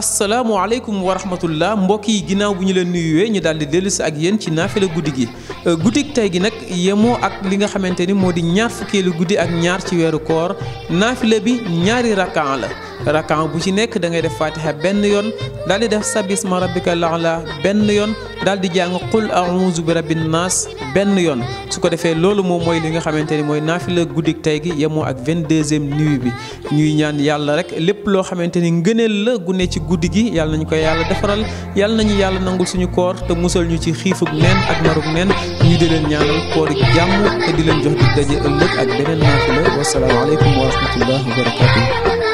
asalaamaaleykum wa rahmatullah mbokk yi ginnaaw bu ñu leen nuyuwee ñu daal di dellusi ak yéen ci naafila guddi gi euh, guddik tey gi nag yemoo ak li nga xamante ni moo di ñaar fukkeelu guddi ak ñaar ci weeru koor naafila bi ñaari rakkaan la rakkan bu ci nekk da ngay def fatiha benn yoon daal di def sabisma rabbika laala benn yoon daal di jàng qul aouzu bi rabbin naas benn yoon su ko defee loolu moom mooy li nga xamante ni mooy naafila guddi tey gi yemoo ak vingt-deuxième nuit bi ñuy ñaan yàlla rek lépp loo xamante ni ngëneel la gune ci guddi gi yàlla nañu ko yàlla defaral yàlla nañu yàlla nangu suñu koor te musal ñu ci xiifug neen ak marug neen ñu di leen ñaanal koor jàmm te di leen jox di daje ak beneen